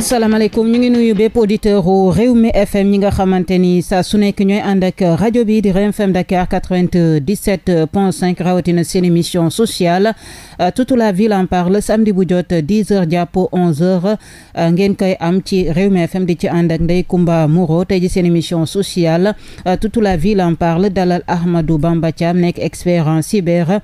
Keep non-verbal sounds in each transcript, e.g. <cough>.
asalaamaaleykum ñu ngi nuyu bépp auditeur u Rewmi FM ñi nga xamante ni saa su nekk ñooy ànd ak rajo bi di Rewmi FM Dakar quatre-vingt-dix-sept point cinq rawatina seen émission sociale euh, toute la ville en parle samedi bu jot dix heures jàpp onze heures euh, ngeen koy am ci Rewmi FM di ci ànd ak Ndeye Comba Moreau tey ji seen émission sociale euh, toute la ville en parle dalal Ahmadou Bamba Thiam nekk expert en cyber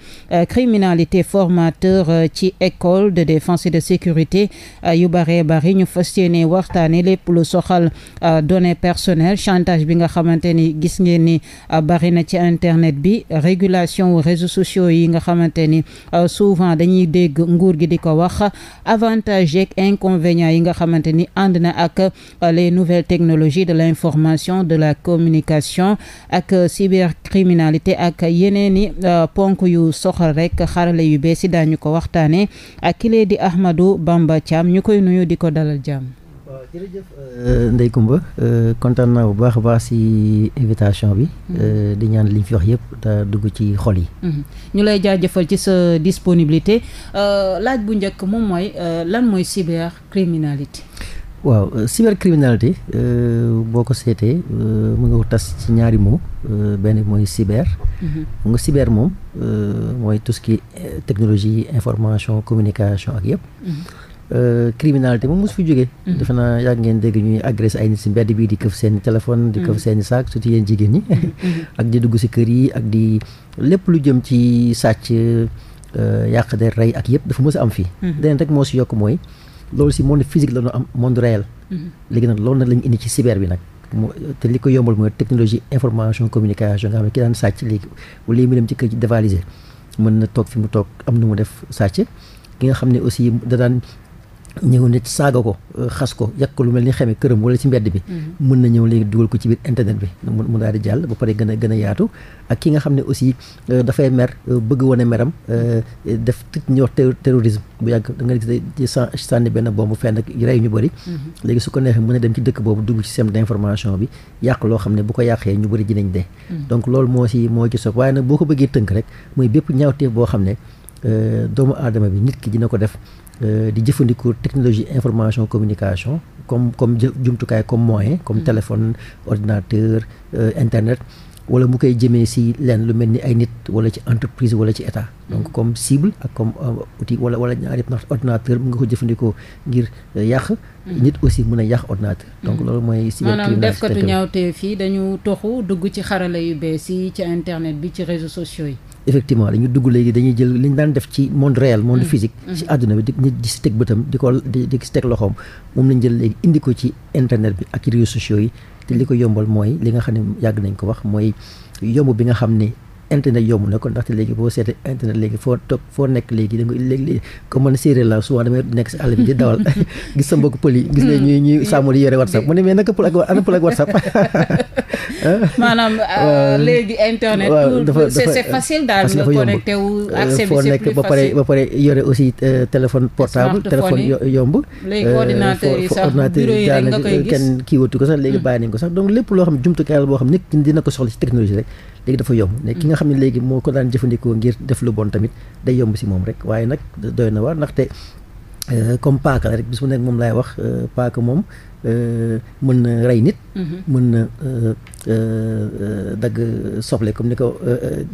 criminalité formateur ci école de défense et de sécurité yu bare bari ñu fas fas yéene waxtaane lépp lu soxal euh, données personnelles chantage bi nga xamante ni gis ngeen ni euh, bari na ci internet bi régulation wu réseaux sociaux yi nga xamante ni euh, souvent dañuy dégg nguur gi di ko wax avantage yeeg inconvénients yi nga xamante ni ànd na ak les nouvelle technologie de l'information de la communication ak cybercriminalité ak yeneen i ponk yu soxal rek xarale yu bees yi daañu ko waxtaane ak kile di Bamba Thiam ñu koy nuyu di ko dalal jàmm Thiam waaw jërëjëf euh, Ndeye Comba euh, kontaan naa bu baax a baax si invitation bi. Mhm. Euh, di ñaan li ñu fi wax yëpp te dugg ci xol yi. Mhm. ñu lay jaajëfal ci sa disponibilité laaj bu njëkk moom mooy lan mooy cybercriminalité. waaw cybercriminalité boo ko seetee mu nga ko tas ci ñaari mots benn mooy cyber. Mhm. mu nga cyber moom mooy tout technologie information communication ak yëpp. Euh, criminalité moom mos fi jógee. Mhm. defe naa yàgg ngeen dégg ñuy agressé ay nit si mbedd bi di këf seen téléphone. di këf mhm. seen i saak surtout yéen jigéen ñi. Mhm. <laughs> ak di dugg si kër yi ak di lépp lu jëm ci sàcc euh, yàq der rey ak yëpp dafa mos am fii. deneen rek moo si yokk mooy loolu si monde physique la ñu nag lañu indi ci cyber bi nag. te li ko yombal mooy technologie information communication nga xam ne ki daan sàcc léegi wala mu dem ci kër ci dévaliser mën na toog fi mu toog am nu mu def sàcc ki nga xam ne ñëw nit saaga ko euh, xas ko yàq ko lu mel ni xeme këram wala ci mbedd bi mm-hmm. mën na ñëw léegi dugal ko ci biir internet bi mu daal di jàll ba pare gën a gën a yaatu ak ki nga xam ne aussi euh, dafay mer euh, bëgg wane meram def tëj ñuy wax terrorisme bu yàgg da nga gis sànni benn bombu fenn ak rey ñu bëri mm-hmm. léegi su ko neexee mën a dem ci dëkk boobu dugg ci système d' information bi yàq loo xam ne bu ko yàqee ñu bëri dinañ dee mm-hmm. donc loolu moo si moo ci soog waaye nag boo ko bëggee tënk rek mooy Euh, di jëfandikoo technologie information communication comme comme jumtukaay comme moyen comme mm. téléphone ordinateur euh, internet wala mu koy jëmee si lenn lu mel ni ay nit wala ci entreprise wala ci état mm. donc comme cible ak comme euh, outil wala wala ñaari ordinateur mu nga ko jëfandikoo ngir yàq mm. nit aussi mun a yàq ordinateur donc loolu mooy cybercriminalité maanaam defkatu ñaawte fii dañu toxu dugg ci xarala yu bees yi ci internet bi ci réseaux sociaux yi effectivement dañu dugg léegi dañuy jël li ñu daan def ci monde réel monde mm. physique si mm. àdduna bi di si teg bëtam di ko di teg loxoom moom lañ jël léegi indi ko ci internet bi ak réseaux sociaux yi te li ko yombal mooy li nga xam ne yàgg nañ ko wax mooy yomb bi nga xam ne internet yomb na ko ndaxte léegi boo seetee internet léegi foo toog foo nekk léegi da nga léegi comme man séeréer la souvent damay nekk si àll bi di dawal <laughs> gis sa mbokk pël yi ñuy ñuy hmm. sàmm di yore whatsapp mu ne mais naka pël ak ana pël ak whatsapp <laughs> maanaam <laughs> euh, léegi internet dafa c'est facile daal nga connecté wu euh, accès bi foo nekk ba pare ba pare yore aussi euh, téléphone portable téléphone yomb léegi ordinateur yi sax bureau yi rek nga koy kenn kii ko sax léegi hmm. bàyyi nañ ko sax donc lépp loo xam jumtukaay la boo xam nit dina ko soxla si technologie rek léegi dafa yomb ne ki mm. nga xam ne léegi moo ko daan jëfandikoo ngir def lu bon tamit day yomb si moom rek waaye nag doy na waar ndaxte euh, comme paaka la rek bis bu nekk moom laay wax euh, paaka moom euh, mën na rey nit mm-hmm. mën na dagg soble comme ni ko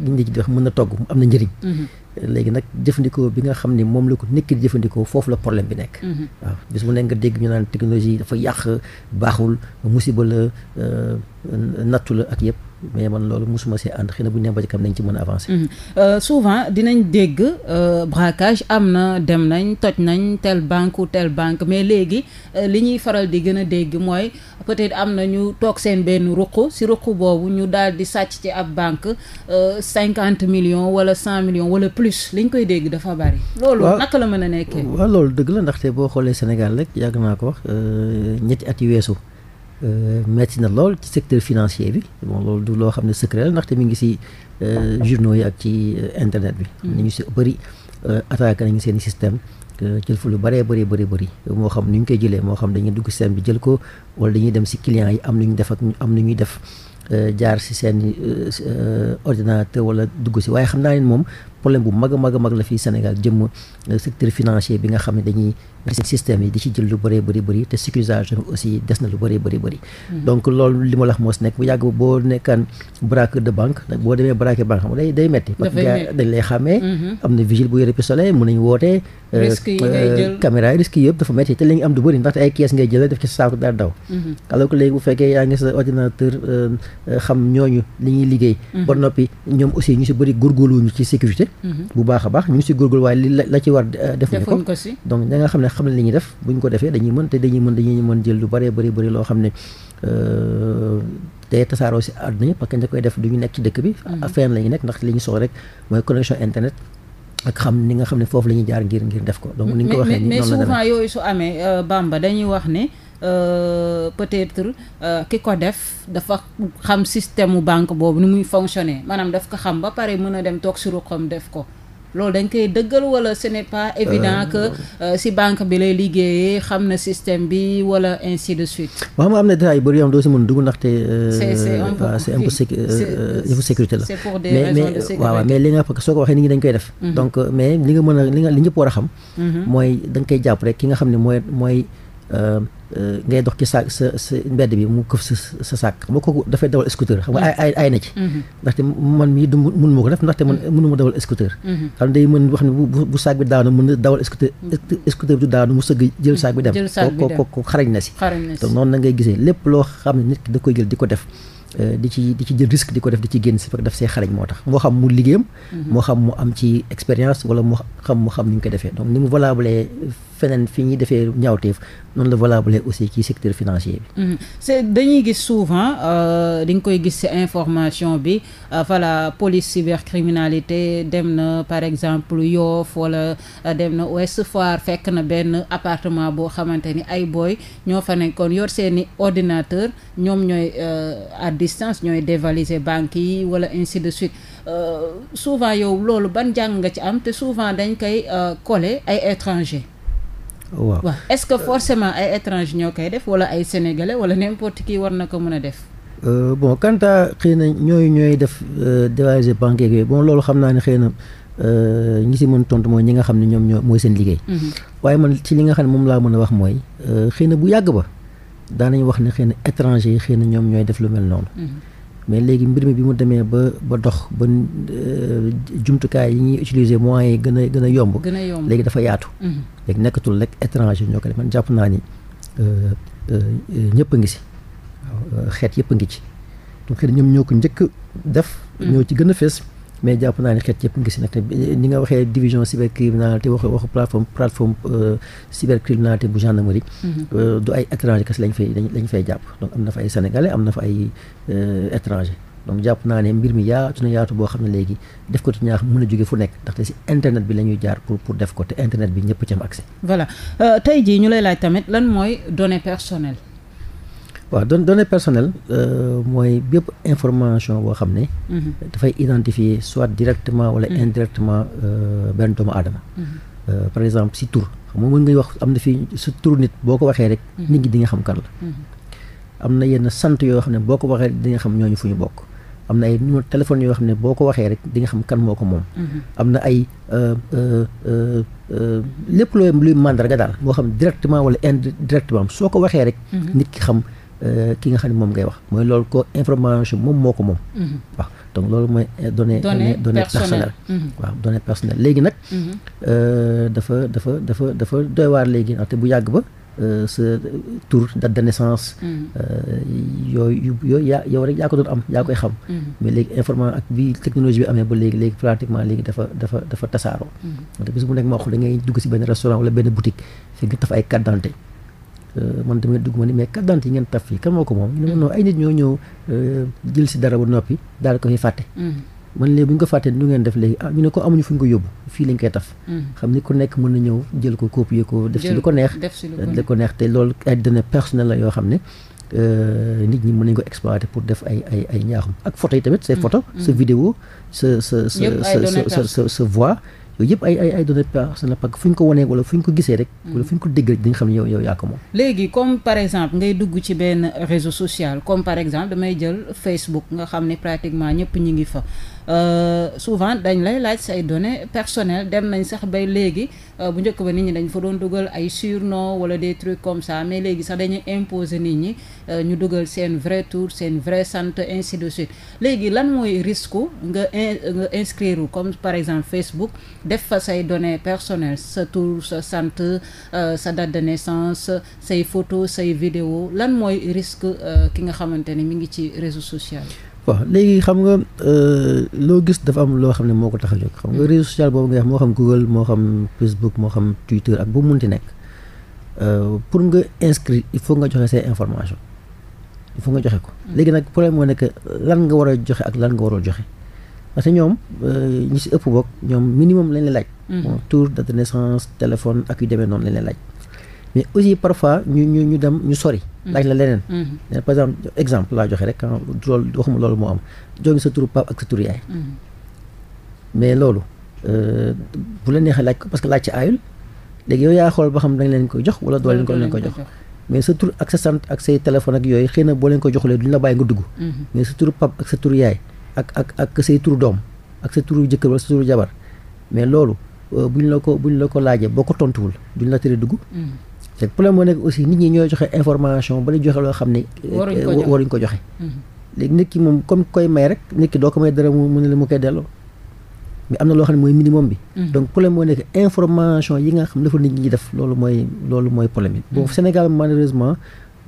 nit di wax na togg am na njëriñ mm-hmm. léegi nag bi nga xam ne moom la ko nekk di la problème bi nekk mm-hmm. waaw bis bu nekk nga dégg ñu naan technologie dafa yàq baaxul musiba la nattu la ak yëpp mais man loolu mosuma see ànd xëy bu ñu nee ba ci kam nañ ci mën a avancer. Mhm. Euh, souvent dinañ dégg euh, braquage am na dem nañ toj nañ tel banque tel banque mais léegi euh, li ñuy faral di gën a dégg mooy peut-être am na ñu toog seen benn ruq si ruq boobu ñu daal di sàcc ci ab banque cinquante million wala cent million wala plus ñu koy dégg dafa bari. loolu naka la mën a nekkee. waaw loolu dëgg la ndaxte boo xoolee Sénégal rek yàgg naa ko wax ñetti at weesu. Euh, metti na lool ci secteur financier bi bon loolu du loo xam ne secret la ndaxte mi ngi si euh, journaux yi ak ci euh, internet bi. ni ñu si bëri na ñu seen système. jël fa lu baree bëri bëri bëri moo xam ni ñu koy jëlee moo xam dañuy dugg système bi jël ko wala dañuy dem si clients yi am ñu def ak am ñuy def jaar si seen ordinateur wala dugg si waaye xam naa ne moom problème bu mag a mag a mag la fii Sénégal jëm euh, secteur financier bi nga xam ne dañuy seen système yi di ci jël lu bëree bëri bëri te sécurisation bi hmm. nga xam ñooñu li liggéey hmm. ba noppi ñoom aussi ñu si bëri góorgóorluwuñu ci sécurité Mm-hmm. bu baax a baax ñu ngi si góorgóorlu waaye li la ci war euh, defuñu ko donc da nga xam ne xam ne li def buñ ko defee dañuy mën te dañuy mën dañuy mën jël lu bëree bëri bëri loo xam ne euh, day tasaaroo si àdduna yi parce que ña koy def du ñu nekk ci dëkk bi mm-hmm. fenn la ñu nekk ndax li ñu soxla rek mooy connexion internet ak xam ni nga xam ne foofu la ñuy jaar ngir ngir def ko donc ni nga ko waxee mais souvent yooyu su amee euh, Bamba dañuy wax ne Euh, peut-être euh, ki ko def dafa xam système mu banque boobu ni muy fonctionner maanaam daf ko xam ba pare mën a dem toog si ruqam def ko. loolu dañ koy dëggal wala ce n'est pas évident euh, que si banque bi lay liggéeyee xam na système bi wala ainsi de suite. wax ma am na détails ay bëri yoo xam doo si mën dugg ndax c'est c'est un peu c'est c'est pour des raisons de sécurité mais mais li nga xam soo ko waxee nit ñi dañ koy def. Mhm. donc mais li nga mën a li ñëpp war a xam. Mhm. mooy da koy jàpp rek ki nga xam ne mooy mooy. Euh, ngay dox ci sa sa sa mbedd bi mu këf sa sa saak xam nga kooku dafay dawal scooter xam nga mm-hmm. ay ay na ci mm-hmm. ndaxte man mii du mun ma ko def ndaxte man mm-hmm. mënu ma dawal scooter xam ne day mën wax ne bu saak bi daanu mën na dawal scooter scooter bi du daanu mu sëgg jël saak bi dem ko ko xarañ na si donc noonu na ngay gisee lépp loo xam ne nit ki da koy jël di ko def euh, di ci di ci jël risque di ko def di ci génn si fekk daf see xarañ moo tax moo xam mu liggéeyam moo xam mu am ci expérience wala moo xam mu xam ni ñu ko defee donc ni mu valable feneen fi ñu defee ñaawteef noonu la valable aussi ci secteur financier bi. Mm-hmm. c'est dañuy gis souvent euh, di nga koy gis ci information bi euh, voilà police cybercriminalité dem na par exemple Yoff wala euh, dem na Ouest Foire fekk na benn appartement boo xamante ni ay booy ñoo fa nekkoon yor seeni ordinateur ñoom ñooy à distance ñooy dévaliser banques yi wala ainsi de suite souvent yow loolu ban jàng nga ci am te souvent dañ koy coller ay étrangers. waaw waaw est-ce que forcément ay étranger ñoo koy def wala ay sénégalais wala n'importe qui war na ko mën a def. Euh, bon quant à xëy na ñooy ñooy def euh, dévaliser banque yooyu bon loolu xam naa ne xëy na euh, ñi si mën tontu mooy ñi nga xam ne ñoom ñoo mooy seen liggéey. Mhm. waaye man ci li nga xam ne moom laa mën a wax mooy xëy na bu yàgg ba daanañ wax ne xëy na étranger yi xëy na ñoom ñooy def lu mel noonu. Mhm. mais léegi mbir mi bi mu demee ba ba dox ba euh, jumtukaay yi ñuy utiliser moyens yi gën a gën a yomb. gën a yomb léegi dafa yaatu. Mhm. léegi nekkatul rek étranger ñoo ko def man jàpp naa ni euh, euh, ñëpp a ngi si waaw xeet yëpp a ngi ci donc xëy na ñoom ñoo ko njëkk def. Mhm. ñoo ci gën a fees. mais jàpp naa ne xeet yëpp ngi si nag te ni nga waxee division cybercriminalité wax waxu plateforme plateforme euh, cybercriminalité bu gendarmerie. Mhm. Euh, du ay étranger kese lañ fay lañ fay jàpp donc am na fa ay sénégalais am na fa ay euh, étranger donc jàpp naa ne mbir mi yaatu na yaatu boo xam ne léegi def ko ci ñaax mën a jóge fu nekk ndaxte si internet bi lañuy jaar pour pour def ko te internet bi ñëpp ci am accès. voilà tey jii ñu lay laaj tamit lan mooy données personnelles. waaw don données personnelles euh, mooy bépp information boo xam ne mm-hmm. dafay identifier soit directement wala mm-hmm. indirectement euh, benn doomu aadama mm-hmm. euh, par exemple si tur xam nga wax am na fii si tur nit boo ko waxee rek nit ñi di nga xam na yenn sant yoo xam ne boo ko waxee di xam ñooñu fu ñu bokk am na ay numéro yoo xam ne boo ko waxee rek di xam kan moo ko moom am na ay lépp looy luy màndarga daal moo xam directement wala indirectement soo ko waxee rek nit ki xam Euh, ki nga xam ne moom ngay wax mooy loolu ko information moom moo ko moom mhm. waaw donc loolu mooy données données personnelles mhm. waaw données personnelles léegi nag mhm. euh, dafa dafa dafa dafa doy waar léegi ndaxte bu yàgg ba euh, sa tour date de naissance yooyu yooyu yaa yow rek yaa ko doon am yaa koy xam mais léegi information ak bi technologie bi amee ba léegi léegi pratiquement léegi dafa dafa dafa bis bu nekk ma wax da ngay dugg si benn restaurant wala benn boutique fekk nga taf ay carte Euh, man tamit dugg ma ni mais carte d'identité yi ngeen taf fii kan moo ko moom ñu ne non ay nit ñoo ñëw euh, jël si dara ba noppi daal ko fi fàtte mm. man léegi bu ñu ko fàttee du ah, ñu ko amuñu fu ñu ko yóbbu fii lañ koy taf mm. xam ni ku nekk mën na ñëw jël ko copier ko def si lu ko neex def ko neex te loolu ay données personnelles yoo xam ne euh, nit ñi mën nañu ko exploiter pour def ay ay ay ñaaxum ak photo yi tamit say mm. photo sa vidéo sa sa sa sa sa sa voix yooyu yëpp ay ay ay parce que fu ñu ko wanee wala fu ñu ko gisee rek. Mm. wala fu ñu ko dégg rek dañu xam ne yow yow yaa ko moom. léegi comme par exemple ngay dugg ci benn réseau social comme par exemple damay jël Facebook nga xam ne pratiquement ñëpp ñu ngi fa. Euh, souvent dañ lay laaj say données personnelles dem nañ sax bay léegi euh, bu njëkk ba nit ñi dañ fa doon dugal ay surnom wala des trucs comme ça mais léegi sax dañuy imposer nit ñi euh, ñu dugal seen vrai tour seen vrai sant ainsi de léegi lan mooy risque nga nga inscrire comme par exemple Facebook. def fa say données personnelles sa tur sa sant euh, sa date de naissance say photo say vidéo lan mooy risque euh, ki nga xamante ni mu ngi ci réseau social waaw léegi xam nga euh, loo gis dafa am loo xam ne moo ko tax a xam nga mm-hmm. réseau social boobu nga wax moo xam Google moo xam Facebook moo xam Twitter ak bu mun munti nekk pour nga inscrit il faut nga joxe say information il faut nga joxe ko mm-hmm. léegi nag problème moo nekk lan nga war a joxe ak lan nga waroo joxe parce que ñoom euh, ñi si ëpp bokk ñoom minimum lañ la laaj. Mm-hmm. bon tour date de naissance téléphone ak yu demee noonu lañ laaj. mais aussi parfois ñu ñu ñu dem ñu sori. Mm-hmm. laaj la leneen. Mm-hmm. par exemple exemple laa joxe rek ah loolu waxuma loolu moo am joxe sa turu pap ak sa turu loolu euh, bu la neexee laaj ko parce xam dañ leen jox wala ko leen koy jox. mais sa tur ak sa sant ak say téléphone ak yooyu xëy na boo leen ko joxulee duñ la bàyyi nga dugg. mais sa turu pap ak sa turu yaay. ak ak ak say turu doom ak sa turu jëkkër wala sa turu jabar mais loolu euh, bu la ko buñ la ko laajee boo ko tontuwul duñ la tere dugg. Mm. te problème moo nekk aussi nit ñi ñooy joxe information ba la joxe loo xam ne. Euh, euh, ko joxe mm-hmm. léegi ki moom comme koy may rek ki doo ko may dara mu ne la mu koy delloo. mais am na loo xam ne mooy minimum bi. Mm-hmm. donc problème moo nekk information yi nga xam ne dafa nit ñi def loolu mooy loolu mooy problème bi. bon mm-hmm. Sénégal malheureusement.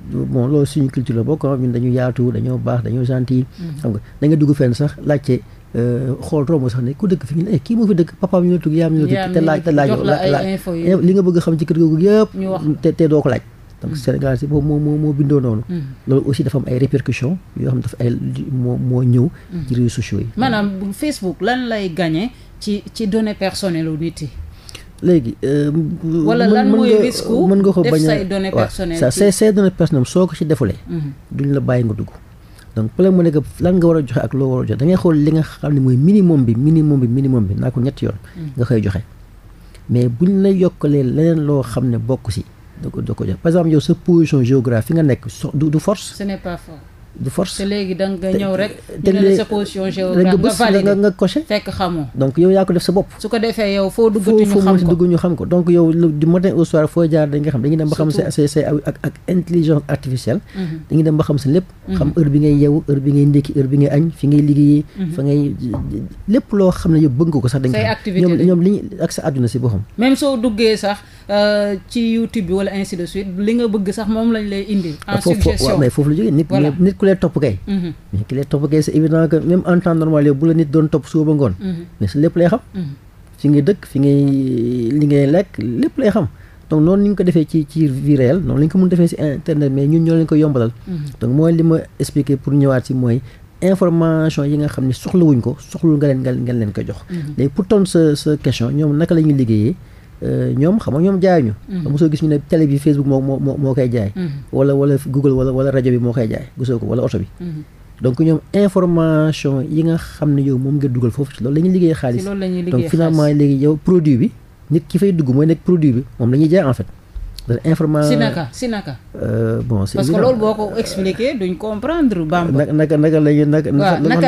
bon loolu suñu culture la bokk ah, ñun dañu yaatu dañoo baax dañoo gentil. Mm-hmm. xam nga da nga dugg fenn sax laajte euh, xool romb sax ne ku dëkk fi ñu ne eh, kii moo fi dëkk papaam ñu la tudd yaa ñu la eh, li nga bëgg xam ci kër googu yëpp te doo ko laaj mm-hmm. moo moo bindoo noonu mm-hmm. loolu aussi dafa am ay répercussions yoo xam dafa ay moo ñëw ci réseaux sociaux yi maanaam Facebook lan lay gagné ci ci données nit yi léegi. Euh, wala lan mooy risque mën nga ko bañ a say données personnelles waaw say say données personnelles soo ko ci defulee. Mhm. duñ la bàyyi nga dugg. donc problème mu nekk lan nga war a joxe ak loo war a joxe da ngay xool li nga xam ne mooy minimum bi minimum bi minimum bi naa ko ñetti yoon. Mhm. nga koy joxe mais buñ la yokkalee leneen loo xam ne bokk si da ko da ko jox par exemple yow sa position géographique nga nekk so du du force. du force. te léegi da nga ñëw rek. te léegi sa position géographique nga validé nga coché. fekk xamoo donc yow yaa ko def sa bopp. su ko defee yow foo dugg ñu xam ko donc yow du matin au foo jaar dañuy xam dañuy dem ba xam sa mhm. lépp. Mhm. xam heure bi ngay yeewu heure bi ngay ndékki heure bi ngay añ fi ngay liggéeyee. Mhm. fa ngay lépp loo xam ne yow bëgg ko sax. dañ xam ñoom li ak sa àdduna si boppam. même soo duggee sax. Euh, ci YouTube bi wala ainsi de suite li nga bëgg sax moom lañ lay indi. en ah, suggestion mais foofu la jógee nit. nit ku lay topp kay. Mhm. nit ki normal yow bu la nit doon topp suba ngoon. Mhm. mais lépp lay xam. Mhm. fi ngay dëkk fi ngay li ngay lekk lépp lay xam. donc noonu ni ñu ko defee ci ci noonu la ñu ko mën defee ci internet mais ñun ñoo leen ko yombalal. donc mooy li ma expliqué pour ñëwaat ci mooy information yi nga xam ne soxlawuñ ko soxlu nga leen nga leen ko jox. léegi la ñuy Euh, ñoom xam nga ñoom jaayuñu. Mm-hmm. mosoo gis ñu ne télé bi Facebook moo moo moo koy jaay. Mm-hmm. wala wala Google wala wala rajo bi moo koy jaay gisoo ko wala oto bi. Mm-hmm. donc ñoom information yi nga xam ne yow moom nga dugal foofu ci loolu la ñuy liggéey xaalis. donc finalement léegi yow produit bi nit ki fay dugg mooy nekk produit bi moom la ñuy jaay en fait. information si naka si naka. Euh, parce que loolu boo ko expliqué duñ comprendre Bamba. naka naka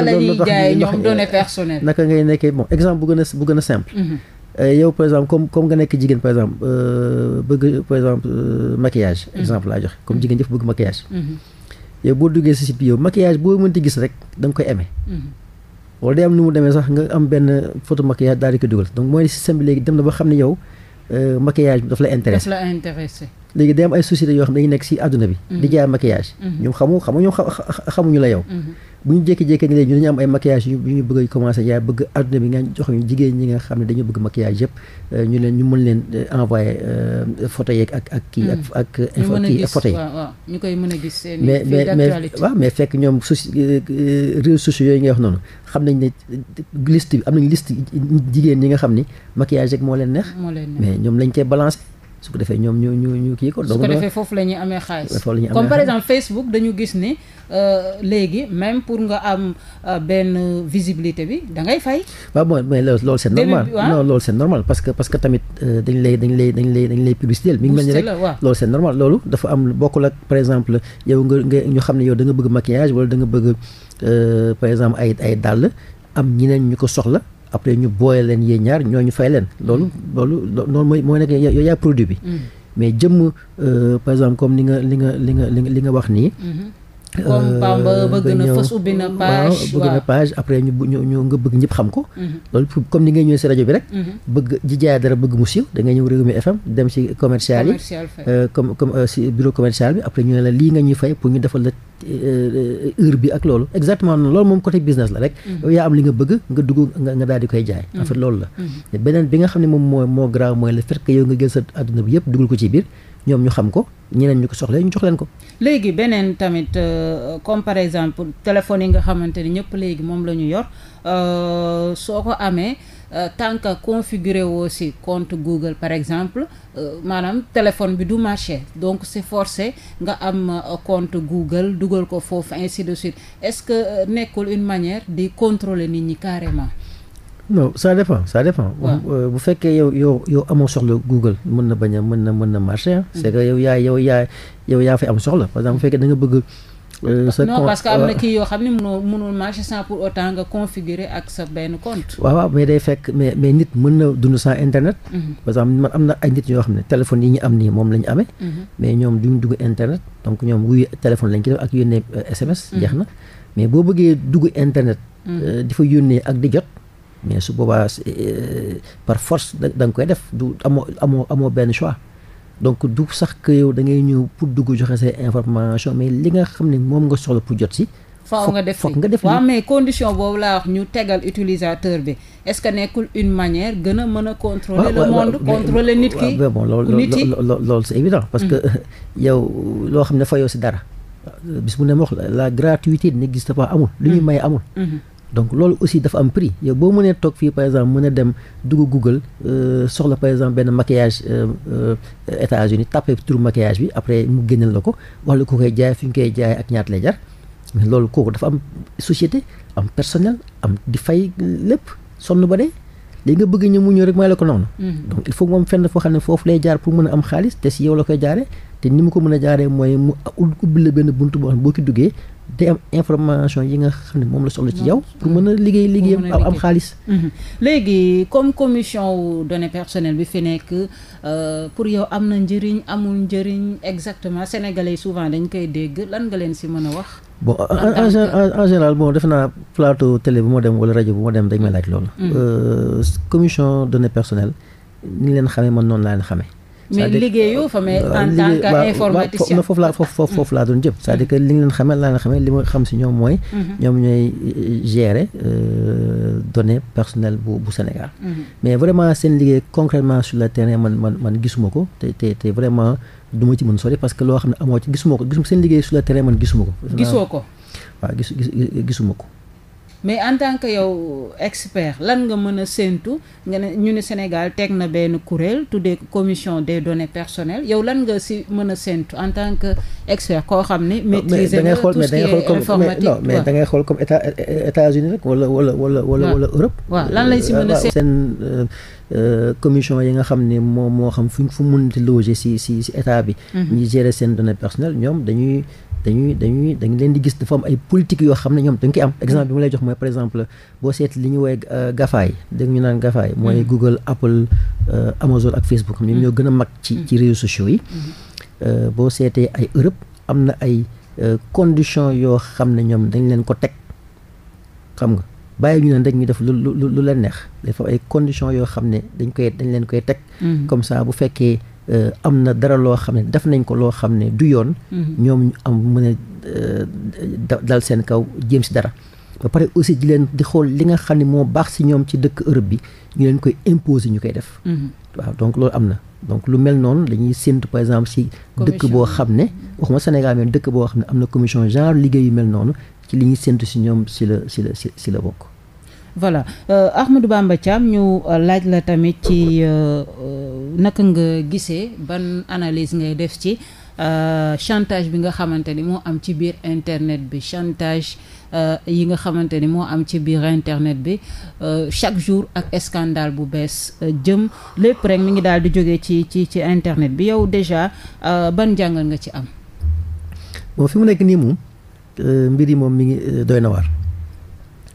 la ñuy ñoom données personnelles. naka ngay nekkee bon exemple a bu gën a simple. Euh, yow par exemple comme comme nga nekk jigéen par exemple euh, bëgg par exemple euh, maquillage. Mm-hmm. exemple laa joxe comme mm-hmm. jigéen jëf bëgg maquillage. Mm-hmm. yow boo duggee si site bi yow maquillage boo mënti gis rek da nga koy amee. wala day am nu mu demee sax nga am benn photo maquillage daal di ko dugal donc mooy système bi léegi dem na ba xam ne yow maquillage bi daf la intéressé. daf la intéressé. léegi day am ay société yoo xam ne dañuy nekk si àdduna bi. Mm-hmm. di jaay maquillage. Mm-hmm. ñoom xamu xamu ñoom xamuñu la yow. Mm-hmm. bu ñu jékki-jékki ni léegi ñu dañu am ay maquillage yu ñu bëgg a commencé jaay bëgg àdduna bi jigéen ñi nga xam ne dañu bëgg maquillage yëpp euh, ñu leen ñu mën leen euh, envoyé euh, photo yeeg ak ak kii ak ak. info kii ak ñu koy mën a gis seen mais mais mais waaw mais fekk ñoom soci réseaux sociaux yooyu nga wax noonu xam nañ ne liste bi am nañ liste jigéen ñi nga xam ni maquillage rek moo leen neex. mais ñoom lañ koy balancé su ko defee ñoom ñu ñu ñu kii ko. donc su ko defee foofu la ñuy amee xaalis comme par exemple Facebook dañu gis ne euh, léegi même pour nga am euh, benn visibilité bi da ngay fay. waaw bon mais loolu c'est normal non loolu parce que parce que tamit euh, dañ lay dañ lay dañ lay dañ lay publicité mi ngi mel ni rek loolu c'est normal loolu dafa am bokkul ak par exemple yow nga nga ñu xam ne yow danga bëgg maquillage wala da nga bëgg par exemple ay ay dàll am ñeneen ñu ko soxla. après ñu booye leen yéen ñaar ñooñu fay leen loolu mm. loolu loolu mooy mooy nekk yow yaa produit bi mm. mais jëmm euh, par comme li nga li nga li nga li nga wax nii mm-hmm. Euh, comme Bamba bëgg na fës ubbi na page waaw bëgg na page après ñu ñu ñu nga bëgg ñëpp xam ko. Mhm. loolu comme ni ngay ñëwee si rajo bi rek. Mhm. bëgg ji jaay dara bëgg mu siiw da ñëw Rewmi FM euh, euh, fay pour ñu defal la heure bi ak loolu. exactement loolu moom côté business la rek. Mhm. yaa am li nga bëgg nga dugg nga daal di koy jaay. en fait loolu la. beneen bi nga xam ne moom moo moo mooy le fait que yow nga jël sa adduna bi yëpp dugal ko ci biir. ñoom ñu xam ko ñeneen ñu ko soxla ñu jox leen ko. léegi beneen tamit euh, comme par exemple téléphone yi nga xamante ni ñëpp léegi moom la ñu yor euh, soo ko amee euh, tant que configuré woo si compte Google par exemple maanaam téléphone bi du marché donc c'est forcé nga am compte Google dugal ko foofu ainsi de suite est-ce que nekkul une manière di contrôler nit ñi carrément. non ça dépend ça dépend. bu euh, fekkee yow yow yow na bañ a na mën na marché ah. c' est que yow yaa yow yaa yow yaa fay am soxla par exemple bu fekkee da bëgg. Euh, sa non parce que am na kii yoo xam ne mënoo mënul marché sans pour autant nga ak sa benn compte. waaw waaw mais mais mais nit mën na dund sans internet. Mhm. par exemple man am na ay nit yoo xam ne téléphone yi ñu am nii moom la ñu amee. Mhm. mais ñoom duñ dugg internet donc ñoom wuy téléphone lañ ci def ak yónnee SMS. Euh, mhm. jeex na mais boo bëggee dugg internet. di fa yónnee ak di jot. mais su boobaa euh, par force da nga koy def du amoo amoo amoo benn choix donc du sax que yow da ngay ñëw pour dugg joxe say information mais li nga xam ne moom nga soxla pour jot si. faaw nga def nga def waaw mais condition boobu laa wax ñu tegal utilisateur bi est-ce que nekkul une manière gën a mën a contrôler le monde contrôler nit ki bon loolu loolu c'est évident parce que hmm. <laughs> yow loo xam ne fayoo si dara bis bu ne ma wax la gratuité n'existe pas amul lu ñu hmm. may amul hmm. donc loolu aussi dafa am prix yow boo mënee toog fii par exemple mën a dem dugg Google euh, soxla par exemple benn maquillage euh, euh, États-Unis tapé turu maquillage bi après mu génneel la ko wax la ko koy jaay fi ñu koy jaay ak ñaata lay jar loolu kooku dafa am société am personnel am di fay lépp sonn ba dee léegi nga bëgg ñu mu ñëw rek may la ko noonu. Mm-hmm. donc il faut moom fenn foo xam ne foofu lay jaar pour mën a am xaalis te si yow la koy jaaree. te ni mu ko mën a jaaree mooy mu ubbi la benn buntu boo xam ne boo ci duggee day am information yi nga xam ne moom la soxla ci yow. pour mën a liggéey liggéeyam am xaalis. Mhm. léegi comme commission wu données personnelles fi nekk euh, pour yow am na njëriñ amul njëriñ exactement sénégalais yi souvent dañ koy dégg lan nga leen si mën a wax. bon en général boo def naa plateau télé bu ma dem wala rajo bu ma dem dañ may laaj loolu. Mhm. Euh, commission données personnelles ni leen xamee man noonu laa leen xamee. mais liggéeyoo fa mais euh, en tant qu'informaticien foofu laa foofu foofu laa doon jëm mm-hmm. c'est-à-dire que li nga leen xamee laa leen xamee li ma xam si ñoom mooy mm-hmm. ñoom ñooy euh, gérer euh, données personnelles bu bu Sénégal mm-hmm. mais vraiment seen liggéey concrètement sur le terrain man man man gisuma ko te te te vraiment du ma ci mën sori parce que loo xam ne amoo ci gisuma ko gisuma seen liggéey su le terrain man gisuma ko gisoo ko waaw gis gisuma ko mais en tant que yow expert lan nga mën a séentu nga ne ñu ne Sénégal teg na benn kuréel tout tuddee commission des données personnelles yow lan nga si mën a séentu en tant que expert koo xam ni maîtriser nga tout ce qui est informatique mais da ngay xool comme état États-Unis rek wala wala wala wala wala Europe waa lan lañ si mën a euh, séentu seen euh, euh, commission yi nga xam ne moom moo xam fu fu mun di loger si si si état bi mhm. ñi gérer seen données personnelles ñoom dañuy dañuy dañuy dañ leen di gis dafa am ay politique yoo xam ne ñoom dañ koy am exemple bi ma lay jox mooy par exemple boo seet li ñu woowee euh, gafaay dégg ñu naan gafaay mooy mm-hmm. euh, ñoo mm-hmm. gën a mag ci ci mm-hmm. réseaux sociaux yi euh, boo seetee ay Europe am na ay conditions yoo xam ne ñoom dañ leen ko teg xam nga bàyyi ñu leen rek ñu def lu lu lu leen neex dafa ay conditions yoo xam ne dañ koy dañ leen koy teg comme ça bu fekkee Euh, am na dara loo xam ne def nañ ko loo xam ne du yoon. Mm-hmm. ñoom ñu am mën a euh, dal seen kaw jéem si dara. ba pare aussi di leen di xool li nga xam ne moo baax si ñoom ci dëkk Europe bi ñu leen koy imposer ñu koy def. Mm-hmm. waaw donc loolu am na. donc lu mel noonu lañuy séntu par exemple si. dëkk boo xam ne. waxuma Sénégal mais dëkk boo xam ne am na commission genre liggéeyu mel noonu ci li ñuy séntu si ñoom si la si la si si la bokk. voilà euh, Ahmadou Bamba Thiam ñu euh, laaj la tamit ci euh, naka nga gisee ban analyse ngay def ci chantage bi nga xamante ni moo am ci biir internet bi chantage yi nga xamante ni moo am ci biir internet bi chaque jour ak scandale bu bees jëm lépp rek mi ngi daal di jóge ci ci ci internet bi yow déjà ban jàngal nga ci am. bon fi mu nekk nii moom mbir yi moom mi ngi doy na waar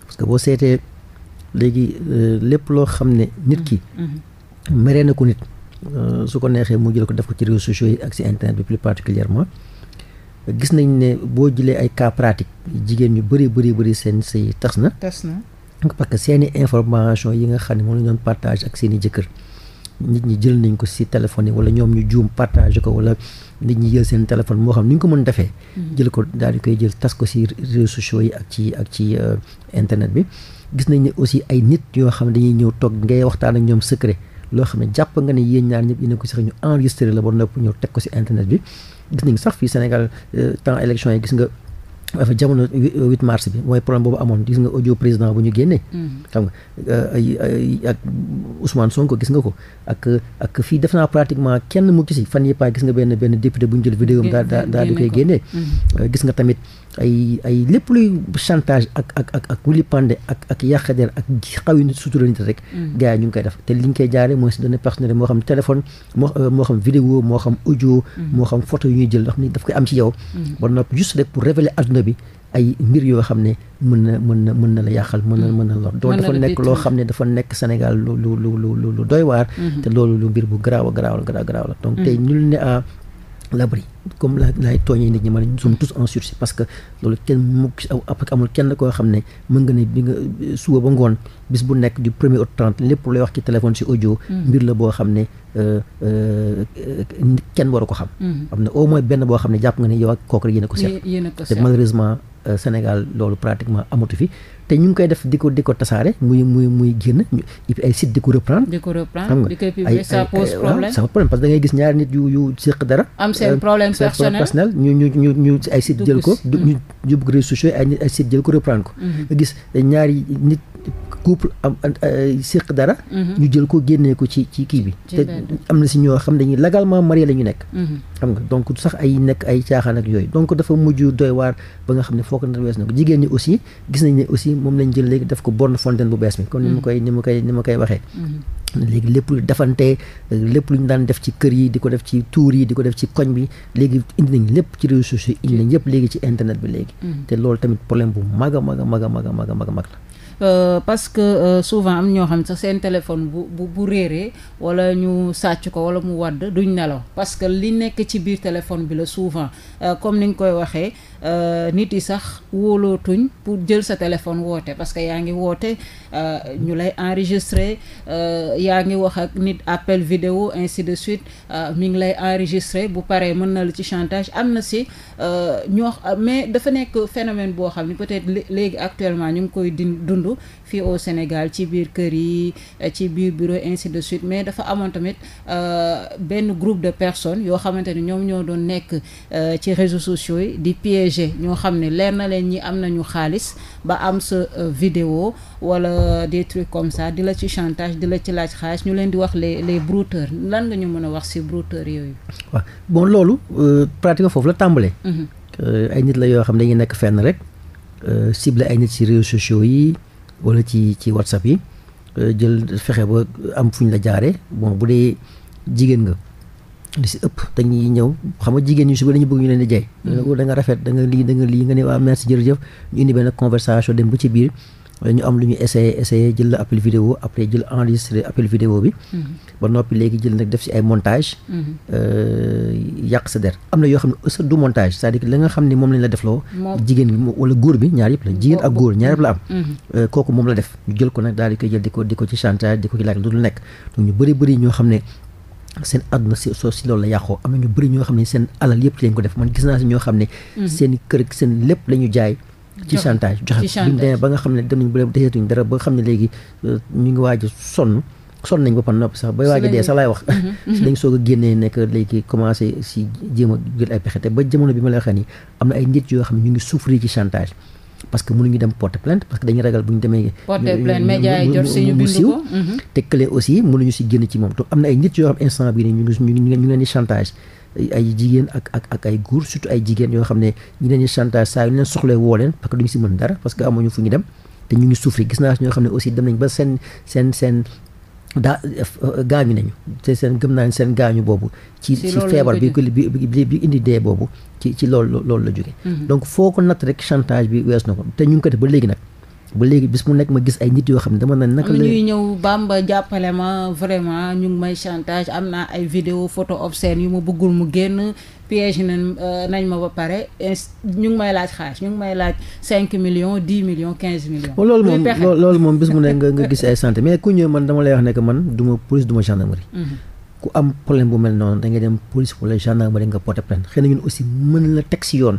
parce que boo seetee. léegi euh, lépp loo xam ne nit ki mm-hmm. meree na ko nit euh, su ko neexee mu jël ko def ko ci réseaux sociaux yi ak si internet bi plus gis nañ ne boo jëlee ay cas jigéen ñu bëri bëri bëri seen sëy tas na tas na parce que seeni information yi nga xam ne moom la doon ak seeni jëkkër nit ñi jël nañ ko si téléphone yi wala ñoom ñu juum partagé ko wala nit ñi jël seen téléphone moo xam ni ñu ko mën defee mm-hmm. jël ko daal di koy jël tas ko si réseaux yi ak ci ak ci euh, internet bi gis nañ ne aussi ay nit yoo xam ne dañuy ñëw toog ngay waxtaan ak ñoom secret loo xam ne jàpp nga ne ko sax ñu enregistré la ba nopp ñëw teg ko si internet bi gis nañ sax fii Sénégal euh, temps élection yi gis nga dafa euh, jamono 8 euh, mars bi mooy problème boobu amoon gis nga audio président bu ñu génnee. Mm-hmm. xam nga ak Ousmane Sonko gis nga ko ak ak fii def naa pratiquement kenn mu si fan yii gis nga benn benn député bu ñu jël vidéo am. daal daal di koy génnee mm-hmm. gis nga tamit. ay ay lépp luy chantage ak ak ak ak wuli pande ak ak yàq der ak xaw yi sutura nit rek mm. gars yi ñu ngi koy def te liñ koy jaare mooy si données personnelles moo xam téléphone moo euh, moo xam vidéo moo xam audio mm. moo xam photo yu ñuy jël ndax ni daf koy am ci yow mm. ba noppi juste rek pour révéler adduna bi ay mbir yoo xam ne mën na mën na mën na la yàqal mën na mën na lor donc dafa nekk loo xam ne dafa nekk Sénégal lu lu lu lu doy waar mm-hmm. te loolu lu mbir bu garaaw a garaaw la garaaw comme laay tooñee nit ñi ma ne nous sommes tous en sursis parce que loolu kenn mu ak amul kenn koo xam ne mën nga ne bi ba ngoon bis bu nekk du premier au trente lépp lay wax ci téléphone si audio. Mm. mbir la boo xam ne euh, euh, kenn waru ko xam. Mm. am na au moins benn boo xam ne jàpp nga ne a euh, fi te ñu ngi koy def di ko di ko tasaare muy muy muy génn ay di ko reprendre. ay ay pose problème parce que da gis ñaari nit yu yu séq dara. problème personnel ñu ay site jël ko ñu ko mm-hmm. gis ñaari nit couple am séq dara. Mhm. ñu jël ko génnee ko ci ci kii bi. te am na si ñoo xam dañuy légalement marié la ñu nekk. Mhm. xam nga donc sax ay nekk ay caaxaan ak yooyu donc dafa mujj doy waar ba nga xam ne foog na wees na ko jigéen ñi aussi gis nañ ne aussi moom lañ jël léegi def ko borne fontaine bu bees mi. Mhm. kon ni mu koy ni ma koy waxee. léegi lépp lu defante lépp lu ñu daan def ci kër yi di ko def ci tuur yi di ko def ci koñ bi léegi indi nañ lépp ci réseaux sociaux indi nañ yëpp léegi ci internet bi léegi. te loolu tamit problème bu mag a mag a a a a Euh, parce que euh, souvent am ñoo xam ne sax seen téléphone bu bu bu réeree wala ñu sàcc ko wala mu wadd duñ nelaw parce que li nekk ci biir téléphone bi la souvent euh, comme ni nga koy waxee. Euh, nit yi sax wóolootuñ pour jël sa téléphone woote parce que yaa ngi woote euh, ñu lay enregistré euh, yaa ngi wax ak nit appel video inci de suite mi ngi lay enregistré bu paree mën na la ci chantage am na si ñoo mais dafa nekk phénomène boo xam ne peut-être léegi actuellement ñu ngi koy dund fii au Sénégal ci biir kër yi ci biir bureau inci de suite mais dafa amoon tamit benn groupe de personnes yoo xamante ni ñoom ñoo doon nekk ci réseau sociaux yi di piéger protégé ñoo xam ne leer na leen ñi am nañu xaalis ba am sa euh, vidéo wala des trucs comme ça di la ci chantage di la ci laaj xaalis ñu leen di wax les les brouteurs lan nga ñu mën a wax si brouteurs yooyu. waaw bon loolu euh, pratique foofu la tàmbalee. Mhm. Euh, ay nit la yoo xam ne dañuy nekk fenn rek cible ay nit si réseaux sociaux yi wala ci ci WhatsApp yi jël fexe ba am fu la jaaree bon bu dee jigéen nga. li si ëpp dañuy ñëw xam nga jigéen ñi suba dañu bëgg ñu leen di jaay da mm. nga rafet da nga lii da nga lii nga ne waa merci jërëjëf ñu indi benn conversation dem ba jël appel vidéo après jël enregistré appel vidéo bi mm-hmm. ba noppi léegi jël nag def si ay montage mm-hmm. euh, yàq sa der am na yoo xam ne aussi du montage c'est-à-dire la am mm-hmm. euh, kooku moom la def ñu jël ko nag daal di koy jël di ko ci chantage di ko ci laaj lu dul nekk ñu bëri bëri ñoo xam ne seen àdduna si soo si loolu la yàqoo am na ñu bëri ñoo xam ne seen alal yëpp ci lañ ko def man gis naa si ñoo xam ne. Mhm. seen i kër seen lépp la jaay. ci chantage joxe ba nga xam ne dem nañ bu leen deseetuñ dara ba xam ne léegi euh, ñu ngi waaj a ba pan a dee sax laay wax. si mhm. lañ <laughs> mhm. soog a génnee nekk léegi commencé si jéem a jël ay pexe te ba jamono bi ma lay waxee nii am na ay nit yoo xam ne ñu ngi souffrir ci chantage. parce que mënuñu dem porter plainte parce que dañuy ragal bu ñu demee. porter ñu bind ko mhm. te kële aussi mënuñu si génn ci moom donc am na ay nit yoo xam instant bii nii ñu ngi ñu chantage. ay jigéen ak ak ay góor surtout ay jigéen yoo xam ne ñu leen di chantage saa yu leen soxlee woo leen parce que duñu si mën dara parce que amuñu fu ñu dem te ñu ngi souffrir gis naa ñoo xam ne aussi dem nañ ba seen seen seen daa gaañu nañu te seen gëm naa ne seen gaañu boobu. ci ci feebar bi bi bi indi dee boobu ci ci loolu loolu la jóge mhm. donc foo ko natt chantage bi wees na ko te ñu ngi ko def nag. ba léegi bis mu nekk ma gis ay nit yoo xam ne dama naan naka la ñuy ñëw Bamba jàppale ñu ngi chantage am naa ay vidéo photo obscène yu ma bëggul mu génn piège euh, nañ ma ba pare ñu ñu ngi may laaj cinq millions dix millions quinze millions. loolu moom loolu moom bis mu nekk nga nga gis lay wax ne man du police du ma mhm. ku am problème bu mel noonu da ngay dem police wala gendarmerie nga porter plainte xëy na ñun aussi mën la teg si yoon.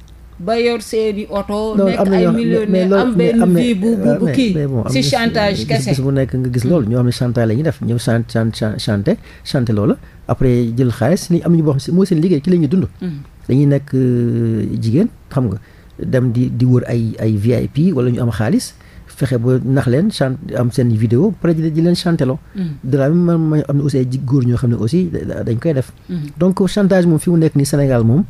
ba yor seeni oto. nekk ay millionnaire am benn vie bu bu euh, kii si chantage kese. bu nekk nga gis loolu ñoo xam ne chantage la ñuy def ñoom chant chant chanté chanté loola après jël xaalis ni am ñu boo xam ne mooy seen liggéey ci la ñuy dund. Hmm. dañuy nekk euh, jigéen xam nga dem di di wër ay ay VIP wala ñu am xaalis. fexe ba nax leen chant am seen vidéo pare di leen chanteloo hmm. de la même manière am na ay góor ñoo xam ne aussi dañ koy def hmm. donc chantage moom fi mu nekk nii Sénégal moom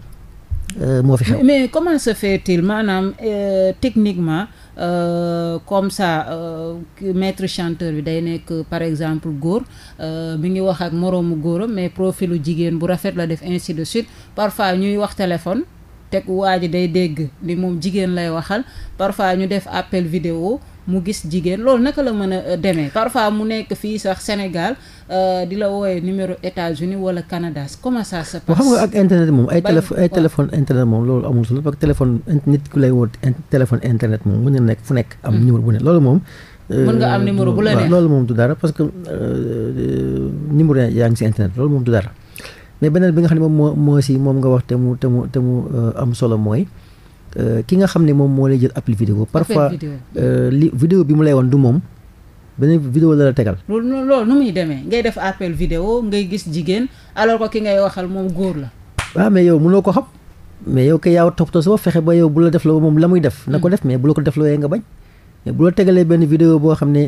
Euh, moo fi xew mais comment se maanaam euh, techniquement euh, comme ça euh, maître chanteur bi day nekk par exemple góor bi euh, ngi wax ak moroomu góoram mais profilu jigéen bu rafet la def ainsi de suite parfois ñuy wax téléphone. teg waa ji day dégg li moom jigéen lay waxal parfois ñu def appel vidéo mu gis jigéen loolu naka la mën a euh, demee parfois mu nekk fii sax Sénégal euh, di la wooyee numéro États-Unis wala Canada comment ça se passe. xam nga ak internet moom ay téléphone ay téléphone internet moom loolu amul solo parce que téléphone nit ku lay woo téléphone internet moom mën nekk fu nekk am hmm. numéro bu ne loolu moom. Euh, nga am numéro bu la neex loolu moom du dara parce que numéro yaa ngi si internet loolu moom du dara. mais beneen bi nga xam ne moom moo moo si moom nga wax te mu te mu euh, am solo mooy euh, ki nga xam ne moom moo lay jël appel vidéo parfois euh, li vidéo bi mu lay woon du moom beneen vidéo la la tegal. loolu loolu nu muy demee ngay def appel vidéo ngay gis jigéen alors ki ngay waxal moom góor la. waaw ah, mais yow mënoo ko xam mais yow kay yaaw toppatoo fexe ba yow bu la def la moom la muy def. na ko hmm. def mais bu la ko def la nga bañ. mais bu la tegalee benn vidéo boo xam ne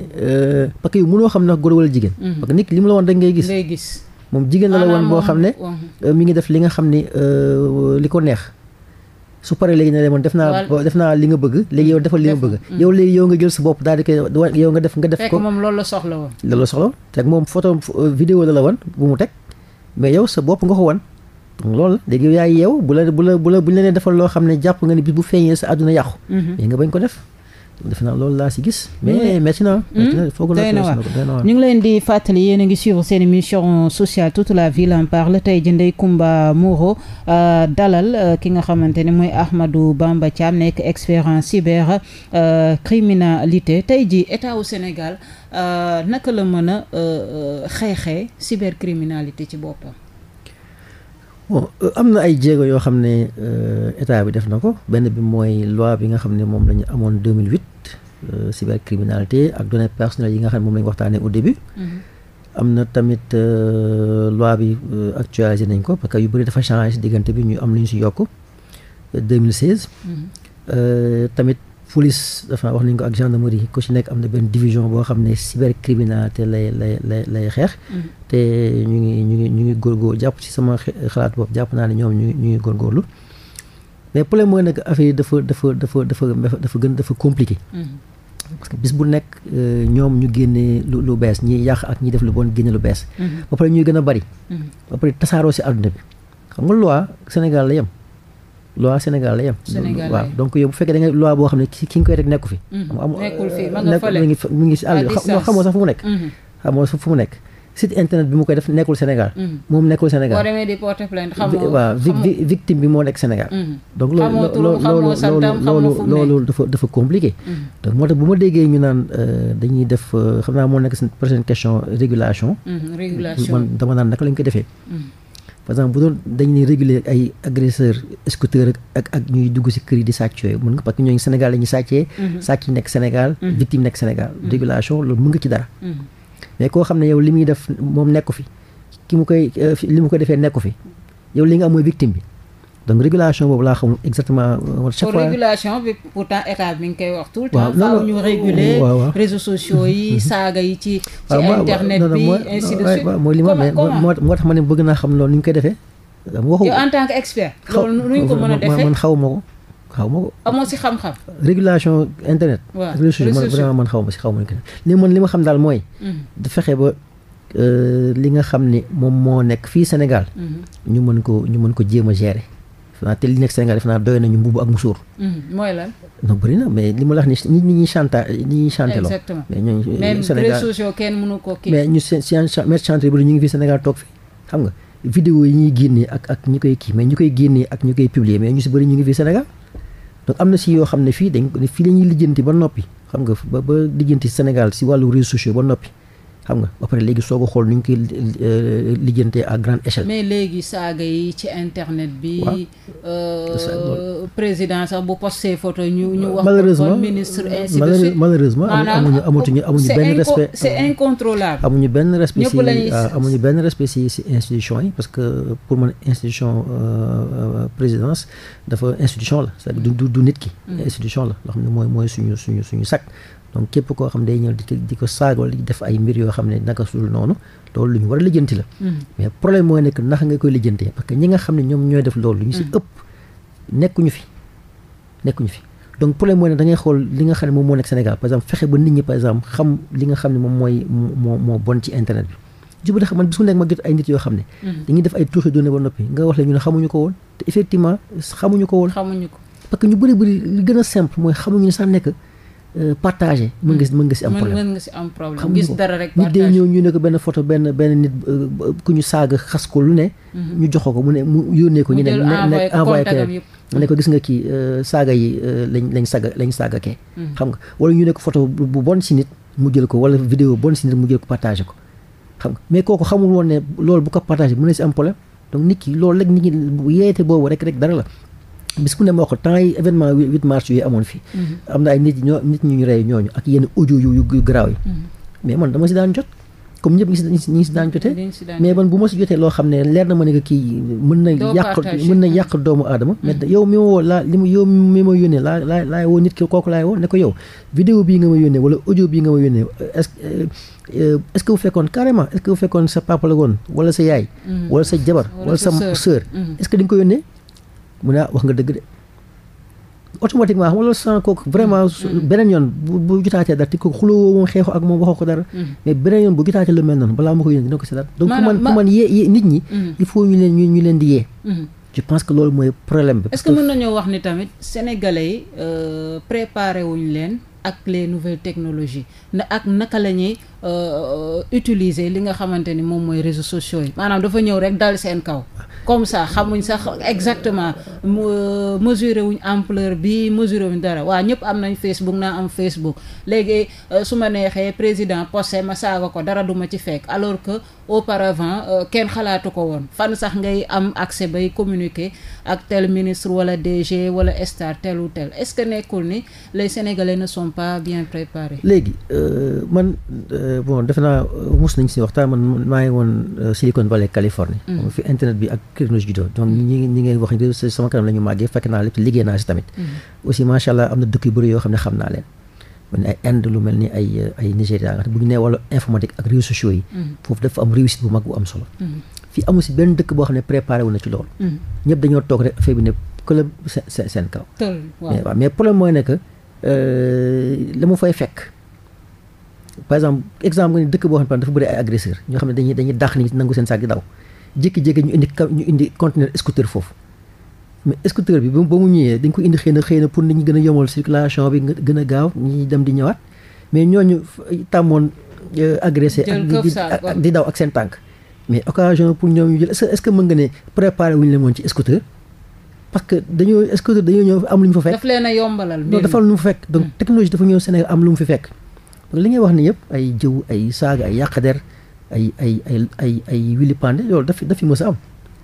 parce que yow xam na góor wala jigéen. Hmm. parce nit li mu la woon rek ngay gis. moom jigéen la la boo xam ne euh, mi ngi def li nga xam ni euh, li ko neex su paree léegi ne leen moom def naa def naa li nga bëgg léegi yow defal li nga bëgg mm. yow léegi yow nga jël sa bopp daal di koy yow nga def nga def ko moom loolu la soxla woon loolu la soxla woon teg moom photo euh, vidéo la la woon bu mu teg mais yow sa bopp nga ko woon loolu la léegi yow yaay yeew bu la bu la bu la bu ñu la nee defal loo xam ne jàpp nga ne bis bu feeñee sa àdduna yàqu mais mm-hmm. nga bañ ko def defe naa loolu laa si gis. mais métti na. Hmm? foog na ko ñu ngi leen di fàttali yéen a ngi suivre seen mission sociale toute la ville en la tey jii Ndeye Comba Moreau euh, dalal euh, ki nga xamante ne mooy Ahmadou Bamba Thiam nekk expert en cyber euh, criminalité tey jii état wu Sénégal naka la mën a xeexee cybercriminalité ci boppam. bon euh, am na ay jéego yoo xam ne euh, état bi def na ko benn bi mooy loi bi nga xam ne moom la ñu amoon 2008 euh, cybercriminalité ak données personnelles yi nga xam ne moom la ñu waxtaanee au début. Mm-hmm. am na tamit loi bi actualisé nañ ko parce que yu bëri dafa changé si diggante bi ñu am lu ñu si yokk 2016. Mm-hmm. tamit. police dafa wax nañ ko ak gendarmerie ku ci nekk am na benn division boo xam ne cybercriminalité lay lay lay lay xeex. Mm-hmm. te ñu ngi ñu ngi ñu ngi góorgóorlu jàpp ci sama xalaat boobu jàpp naa ne ñoom ñu ngi ñu ngi góorgóorlu mais problème mooy nag affaire yi dafa dafa dafa dafa dafa gën dafa compliqué. Mm-hmm. parce que bis bu nekk euh, ñoom ñu génne lu lu bees ñiy yàq ak ñi def lu bon génne lu bees. Mm-hmm. ba pare ñuy gën a bari. ba pare tasaaroo ci àdduna bi xam nga loi Sénégal la yem. loi Sénégal la yem. Sénégal waaw donc yow bu fekkee da nga loi boo xam ne ki nga koy teg nekku fi. Mm-hmm. nekkul fi euh, ma nga fële nekkul mi ngi si àll xamoo sax fu mu nekk. Mm-hmm. xamoo sax fu mu nekk. site internet bi mu koy def nekkul Sénégal. Mm-hmm. moom nekkul Sénégal donc loolu dafa dafa compliqué. moo tax bu ma déggee ñu naan euh, dañuy def euh, xam naa moo nekk seen question régulation. dama naan naka lañ ko defee. parce exemple bu doon dañ ne réguler ak ay agresseur scooter ak ñuy dugg si kër yi di sàcc yooyu mën nga parce que ñooñu Sénégal la ñu sàccee. Mhm. sàcc yi nekk Sénégal. Mhm. victime nekk Sénégal. Mhm. régulation loolu mën nga ci dara. mais koo xam ne yow li muy def moom nekku fi ki mu koy euh, li mu ko defee nekku fi yow li nga am mooy victime bi. donc régulation boobu laa xamul exactement. Euh, chaque fois régulation bi pourtant état mi ngi koy wax. tout le temps faaw ñu réguler. yi mhm. saaga yi ci. ci internet bi ainsi de li ma mais moo tax ma ne bëgg naa xam loolu ni koy defee. en tant que expert. loolu nu ñu ko mën a defee man xaw ma ko. xaw ma ko amoo si xam-xam. régulation internet. waaw réseaux man xaw ma si xaw ma ko li man li ma xam daal mooy. Mhm. fexe ba euh, li nga xam ni moom moo nekk fii Sénégal. Mhm. ñu mën ko ñu mën ko jéem a gérer. naa te li nekk Sénégal def naa doy nañu mbubu ak musuur. Hmm, mooy lan. non bëri na mais li ma la wax ni nit ñi chantage nit ñi chanté loo. exactement mais ñooñu euh, Sénégal même réseaux sociaux kenn mënu ko kii. ñu ngi fi Sénégal toog fi xam nga. vidéo yi ñuy génnee ak ak ñi koy kii mais ñu koy génnee ak ñu koy publier mais ñu si bëri ñu ngi fi Sénégal donc am na si yoo xam ne fii dañ fii la ñuy ba noppi xam nga ba ba lijjanti Sénégal si wàllu réseaux sociaux ba noppi xam nga ba léegi soo ko xool nu ñu koy euh, lijjantee à grande échelle. mais léegi saaga yi ci internet bi. Euh, président sax bu posté photo ñu ñu. wax malheureusement ministre ainsi de suite malheureusement amuñu benn respect. c'est incontrôlable amuñu benn respect si ah, amuñu benn institution yi parce que pour man institution euh, présidence dafa institution la cest du du nit ki. Mm. institution la ndox xam ne mooy suñu suñu donc képp koo xam ne day ñëw di ko di ko saagoo di def ay mbir yoo xam ne naka sul noonu loolu lu ñu war a lijjanti la hmm. mais problème mooy nekk naka nga koy lijjantee parce que ñi nga xam ne ñoom mooy moo bon ci internet bi jub dafa man bis nekk ma gis ay nit yoo xam ne hmm. dañuy def ay touché donné ba noppi nga wax la ñu ne xamuñu ko woon te effectivement xamuñu ko woon parce que ñu bëri bëri li gën a simple mooy xamuñu sax nekk Euh, partagé mën nga si hmm. nga si am problème mën nga si am problème gis dara rek ñu ko benn photo benn benn nit euh, ku ñu saaga xas ko lu ne hmm. ñu jox ko mu ne mu yónnee ko ñu ne ne envoyé ko ne ko gis nga kii euh, saaga yi lañ lañ saaga lañ saaga kee hmm. xam nga wala ñu ne ko photo bu bon si nit mu jël ko wala vidéo bon si nit mu jël ko partagé ko xam nga mais kooku xamul ne loolu bu ko partagé mën na am problème donc nit ki loolu rek nit ñi yeete boobu rek rek dara la bis ne moo ko temps yi événement 8 mars yooyu amoon fii. Mm-hmm. am na ay nit ñoo nit ñu rey ñooñu ak yenn audio yu yu yi. Mm-hmm. mais man dama si daan jot. comme ñëpp ñi si si daan jotee mais man bu ma si jotee loo xam ne leer na ma ne que kii mën na yàq mën na yàq doomu aadama mais mm-hmm. yow mi ma woo laa li yow ma yónnee laa laa laay woo nit ki kooku laay woo ne ko yow vidéo bii nga ma yónnee wala audio bii nga ma yónnee est-ce euh, est-ce que bu fekkoon carrément est bu fekkoon sa papa la woon wala sa yaay wala sa jabar wala sa mu ne ah wax nga dëgg de automatiquement xam nga loolu sans kooku vraiment mm-hmm. beneen yoon bu bu jotaatee dara te kooku xuloo woo moom xeexoo ak moom wax ko dara mm-hmm. mais beneen yoon bu jotaatee lu mel noonu balaa ma ko yëg dina ko si dara donc pour man pour man yee nit ñi mm-hmm. il faut ñu leen ñu leen di yee je pense que loolu mooy problème bi est-ce que mën nañoo wax ni tamit sénégalais yi euh, préparé wuñu leen ak les nouvelles technologie na ak naka la ñuy Euh, utiliser li nga xamante ni moom mooy réseaux sociaux yi maanaam dafa ñëw rek dal seen kaw comme ça xamuñ sax exactement euh, mesuré wuñ ampleur bi mesuré wuñ dara waa ñëpp am nañ Facebook naa am Facebook léegi euh, su ma neexee président posté ma saaga ko dara duma ci fekk alors que au par auparavant kenn xalaatu ko woon fan sax ngay am accès bay communiquer ak tel ministre wala DG wala star tel ou tel est-ce que nekkul ni les Sénégalais ne sont pas bien préparés léegi bon defe naa euh, mus nañ si waxtaan man maa ngi woon euh, Silicon Valley Californie. Mm. fi internet bi ak technologie juddoo donc mm. ñi ñi ngay wax ni sama kanam la ñu màggee fekk naa lépp liggéey naa si tamit. Mm. aussi macha allah am na dëkk yu yoo xam ne xam naa leen. bu mag bu am solo. fii amul si benn dëkk boo xam ne préparé wu na ci loolu. ñëpp dañoo toog rek affaire ne këlëb seen seen kaw. mais problème mooy ne euh, la mu fay fekk. par exemple exemple nga ne dëkk boo xam ne dafa bëri agresseur ñoo xam ne dañuy dañuy dàq nit ñi nangu seen saak di daw jékki-jékki ñu indi ñu indi conteneur scooter foofu mais scooter bi ba mu ñëwee dañ ko indi xëy na xëy na pour ni ñi gën a yomal circulation bi gën a gaaw ñi dem di ñëwaat mais ñooñu tàmmoon euh, agressé ak di daw ak seen tànk mais occasion pour ñoom ñu jël est-ce que mën nga ne préparé wuñu leen woon ci scooter parce que dañoo scooter dañoo ñëw am lu ñu fa fekk daf leen a yombalal dafa am lu mu fa fekk donc hmm. technologie dafa ñëw Sénégal am lu mu fi fekk li ngay wax ni yëpp ay jëw ay saaga ay yàq der ay ay ay ay ay wili pande loolu daf dafi mës a am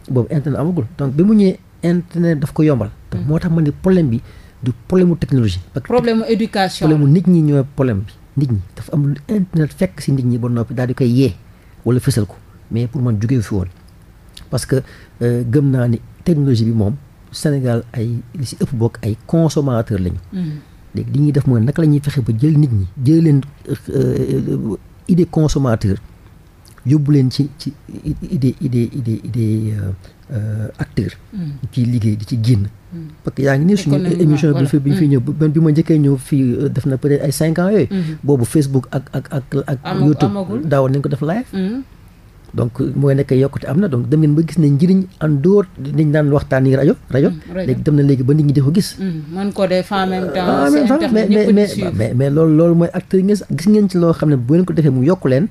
boobu internet amagul donc bi mu ñëwee internet daf ko yombal. moo tax ma ne problème bi du mu technologie. parce problème mu éducation mu nit ñi ñooy problème bi. nit ñi dafa am lu internet fekk si nit ñi ba noppi daal di koy yee wala fësal ko mais pour man jugee fi woon parce que euh, gëm naa ni technologie bi moom Sénégal ay li si ëpp bokk ay consommateur lañu. Mm. léegi di ñuy def mooy naka la ñuy fexe ba jël nit ñi jël leen euh, idée consommateur yóbbu leen ci ci idée idée idée idée euh, euh, acteur hmm. di ciy liggéey di ci génn hmm. parce que yaa ngi nii suñu émission bi fi bi fi hmm. ñëw ben bi ma njëkkee ñëw fii def na peut ay cinq ans yooyu boobu Facebook ak ak ak ak YouTube daawoon nañ ko def live donc mooy nekk yokkute am na donc dem nañ ba gis nañ njëriñ en dehors niñ daan waxtaan yi rajo mm, rajo léegi dem na léegi ba nit ñi di ko gis mm, mën ko def en même mais loolu mooy acteur yi ngeen gis ngeen si loo xam ne bu ngeen ko defee mu yokku leen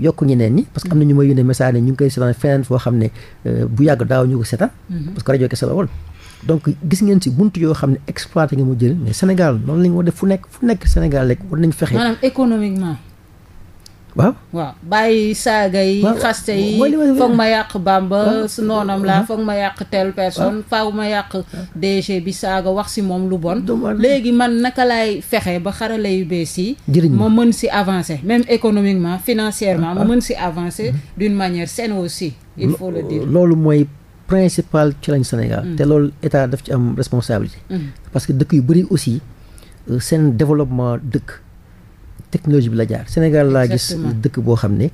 yokk ñeneen ñi parce que am ñu ngi koy seetaan feneen foo xam ne euh, bu yàgg daaw ñu ko seetaan mm-hmm. parce que rajo kese la woon donc gis ngeen si bunt yoo xam ne exploité nga mu jël mais Sénégal noonu la ñu war def fu nekk fu nekk Sénégal rek war nañ fexe maanaam économiquement waaw waaw bàyyi saaga yi xaste yi foog ma yàq baam ba su noonam laa uh-huh. foog ma yàq telle personne faw ma yàq uh-huh. DG bi saaga wax si moom lu bon léegi man naka laay fexe ba xarala yu bees yi ma mën si avancer même économiquement financièrement ma ah, ah. mën si avancer uh-huh. d'une manière seen aussi il loolu mooy principal challenge Sénégal mm. te loolu état daf ci am responsabilité mm. parce que dëkk yu bëri aussi euh, seen développement dëkk technologie bi la jaar Sénégal laa gis dëkk boo xam ne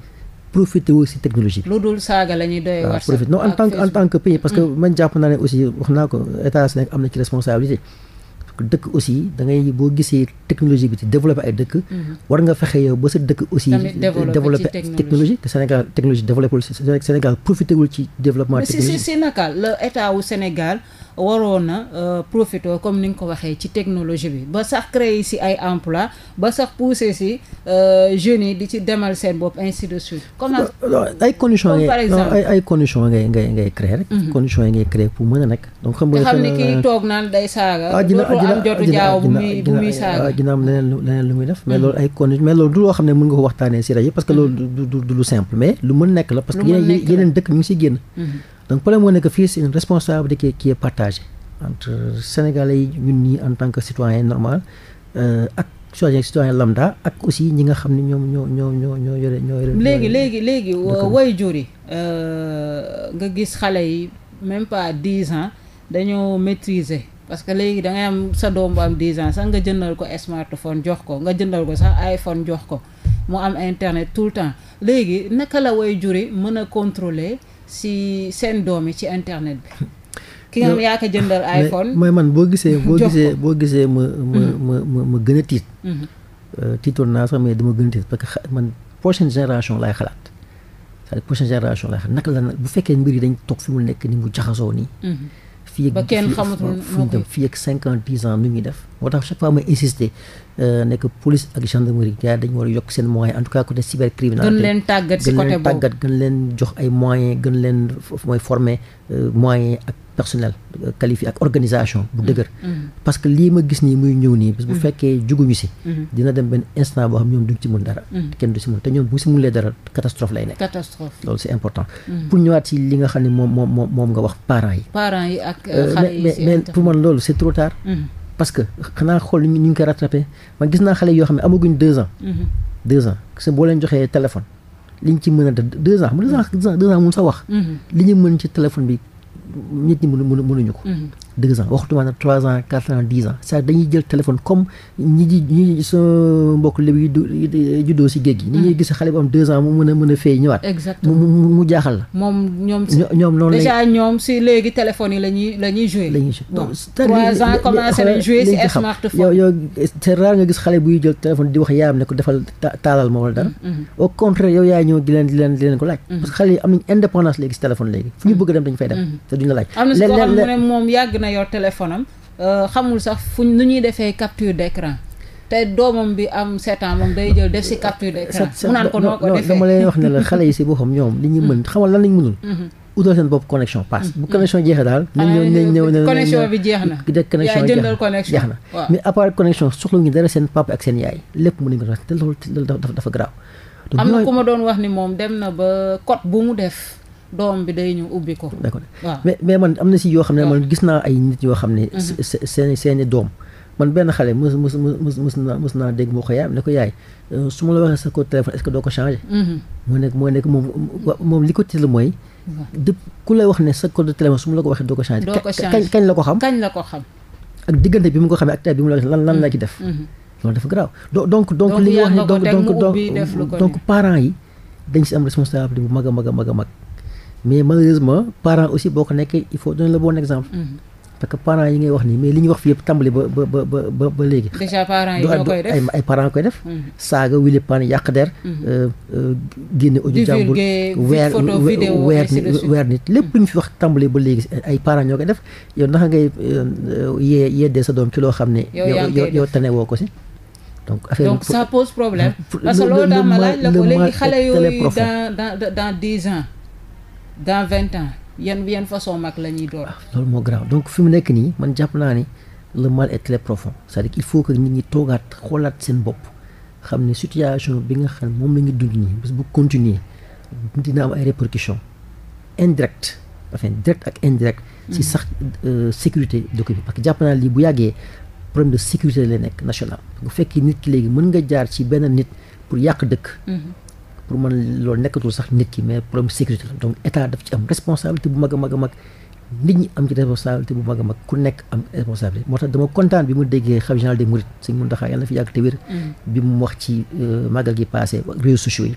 profité aussi technologie lu dul saaga la doy wax naa ko état Sénégal am na ci responsabilité dëkk aussi da ngay boo gisee technologie bi di développé ay dëkk mhm. war nga fexe yow ba sa dëkk aussi développé technologie que Sénégal technologie développé Sénégal profité ci développement technologie si si naka la état Sénégal waroon na euh, profité comme ni nga ko waxee ci technologie bi ba sax créer si ay emploi ba sax pousser si euh, jeunes yi di ci demal seen bopp ainsi de suite. comment ay condition ngay ay ay conditions ngay ngay ngay créer rek. Mhm. conditions yi ngay créer pour mën a nekk. donc xam ne kii euh, toog naan day saaga. ah dina am jotu jaaw bu muy saaga. Ah, dina am leneen lu muy def. mais mhm. loolu ay conditions mais loolu du loo xam ne mën nga ko waxtaanee si rajo parce que mhm. loolu du lu simple mais lu mën nekk la. parce que yeneen yeneen dëkk ñu ngi donc problème moo nekk fii c'est une responsabilité qui est, qui est partagée entre sénégalais yi ñun ñii en tant que citoyen normal euh, ak citoyen citoyen lambda ak aussi ñi nga xam ne ñoom ñoo ñoo ñoo ñoo yore ñoo yore léegi léegi léegi waajur yi euh, nga gis xale yi même pas dix ans dañoo maîtriser parce que léegi da ngay am sa doom bu am dix ans sax nga jëndal ko smartphone jox ko nga jëndal ko sax iPhone jox ko mu am internet tout le temps léegi naka la waajur yi mën a contrôler si seen doom yi ci internet bi. <laughs> ki nga xam yaa ko jëndal iPhone. mooy man boo gisee boo gisee boo gisee ma ma mm-hmm. ma ma ma gën a tiit. Mm-hmm. Euh, tiitoon naa sax mais dama gën a tiit parce que man prochaine génération laay xalaat c'est-à-dire prochaine génération laay xalaat naka la bu fekkee mbir yi dañ toog fi mu nekk ni mu jaxasoo nii. Mm-hmm. ba kenn xamatul fii ak fii ak cinq dix ans nu ñuy def. moo tax chaque fois may insister euh, nekk police ak gendarmerie gars dañu war a yokk seen moyen en tout cas côté cybercriminalité gën leen tàggat si côté boobu gën leen tàggat gën leen jox ay moyens gën leen mooy former euh, moyens ak personnel euh, qualifié ak organisation bu mm-hmm. dëgër mm-hmm. parce que lii ma gis nii muy ñëw nii parce que bu mm-hmm. fekkee juguñu si dina dem benn instant boo xam ñoom duñ ci mun dara kenn du si mun te ñoom bu si munulee dara catastrophe lay nekk loolu c'est important pour ñëwaat wax parents yi parce que xanaa xool ñu ngi koy gis naa xale yoo xam ne amaguñ deux ans. Mhm. deux joxee téléphone liñ ci mën a def deux ans deux ans deux ans mun sa wax. Mhm. li ñu mën ci téléphone bi nit ko. Mhm. deux ans waxtu maanaam trois ans quatre ans dix ans ça dañuy jël téléphone comme ñi ji ñi sa mbokk lébu yi juddoo si géej gi. ni ñuy hmm. gis xale bu am deux ans mu mën a mën a fay ñëwaat. exactement mu mu jaaxal la. moom ñoom si ñoom noonu déjà ñoom si léegi téléphones yi la ñuy la ñuy la ñuy joué si téléphone léegi fu ñu bëgg dem dañu fay dem. Hmm. te duñ la laaj. na yor téléphone am xamul sax fuñ nu ñuy defee capture d'écran te doomam bi am 7 moom day def si capture d'écran mu naan ko noo ko defee xale yi si boppam ñoom li ñuy mën xamal lan lañ mënul utal seen bopp connexion pass bu connexion jeexee daal nañ bi jeex na de jëndal connexion mais à part connexion soxla dara seen papa ak seen yaay lépp mën nañ ko te loolu dafa dafa garaaw am na ku ma doon wax ni moom dem na ba code bu mu def doom bi day ñu ubbi ko. d'accord na si yoo xam ne man gis naa ay nit yoo xam ne. Mhm. seeni seeni doom. man benn xale mës mës mës la waxee sa ko téléphone est-ce que doo mhm. moo nekk moo nekk moom sa code la ko waxee doo ko ko changer kañ la ko xam kañ la ko xam. Mhm. donc donc li wax ne donc donc donc parents yi dañ si am responsabilité bu mag a mag a mag a mag. mais malheureusement parents aussi boo ko nekkee il faut donner le bon exemple. Mhm. parce que parents yi ngay wax nii mais li ñu wax fi yëpp tàmbali ba ba ba ba ba léegi. déjà parents yi ñoo koy def ay ay parents koy def. Mhm. saaga wili paan yàq der. Mhm. Euh, euh, génne audio jàmbur weer weer nit lépp lu ñu fi wax tàmbali ba léegi ay parents ñoo koy def yow naka ngay euh, yee yeddee sa doom ci loo xam ne. yow yow tane woo ko si. donc affaire donc ça pose problème. Hmm. parce que loolu daal dans vingt ans yan yan façon mag la ñuy door. Ah, loolu moo grave donc fi mu nekk nii man jàpp naa ni le mal est très profond cest à il faut que nit ñi toogaat xoolaat seen bopp xam ne situation bi nga xam moom la ñu dund nii bés bu continuer dina am ay répercussions indirectes enfin direct ak indirect ci mm-hmm. sax euh, sécurité dëkk bi parce que jàpp naa lii bu yàggee problème de sécurité la nekk national bu fekkee nit ki léegi mën nga jaar ci benn nit pour yàq dëkk mm-hmm. pour man loolu nekkatul sax nit ki mais problème sécurité la donc état daf ci am responsabilité bu mag a mag a mag nit ñi am ci responsabilité bu mag a mag ku nekk am responsabilité moo tax dama kontaan bi mu déggee xam général des Mourides sëñ Mountakha yàlla na fi yàgg te wér mm. bi mu wax ci euh, màggal gi passé réseaux sociaux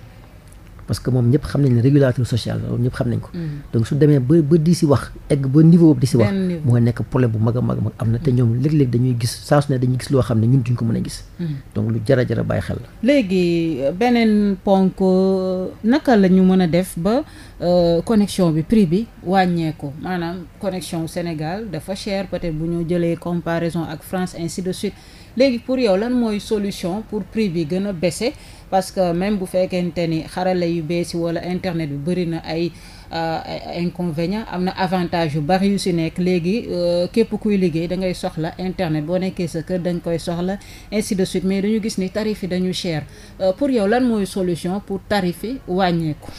parce que moom ñëpp xam nañ ne régulateur social la loolu ñëpp xam nañ ko. Mm. donc su demee ba di si wax egg ba niveau boobu di si wax. mooy nekk problème bu mag a mag am na te ñoom mm. léeg-léeg dañuy gis saa su ne dañuy gis loo xam ne ñun duñ ko mën a gis. Mm. donc lu jar a bàyyi xel la. léegi euh, beneen ponk euh, naka la ñu mën a def ba euh, connexion bi prix bi wàññeeku maanaam connexion Sénégal dafa cher peut bu ñu jëlee comparaison ak France ainsi de suite léegi pour yow lan mooy solution pour prix bi gën a baisser. parce que même bu fekkente ni xarala yu bees yi wala internet bi bëri na ay euh, inconvénients am na avantage yu bari yu si nekk léegi euh, képp kuy liggéey da ngay soxla internet boo nekkee sa kër dañ koy soxla ainsi de suite mais dañu gis ni tarif yi dañu cher euh, pour yow lan solution pour tarif yi wàññeeku.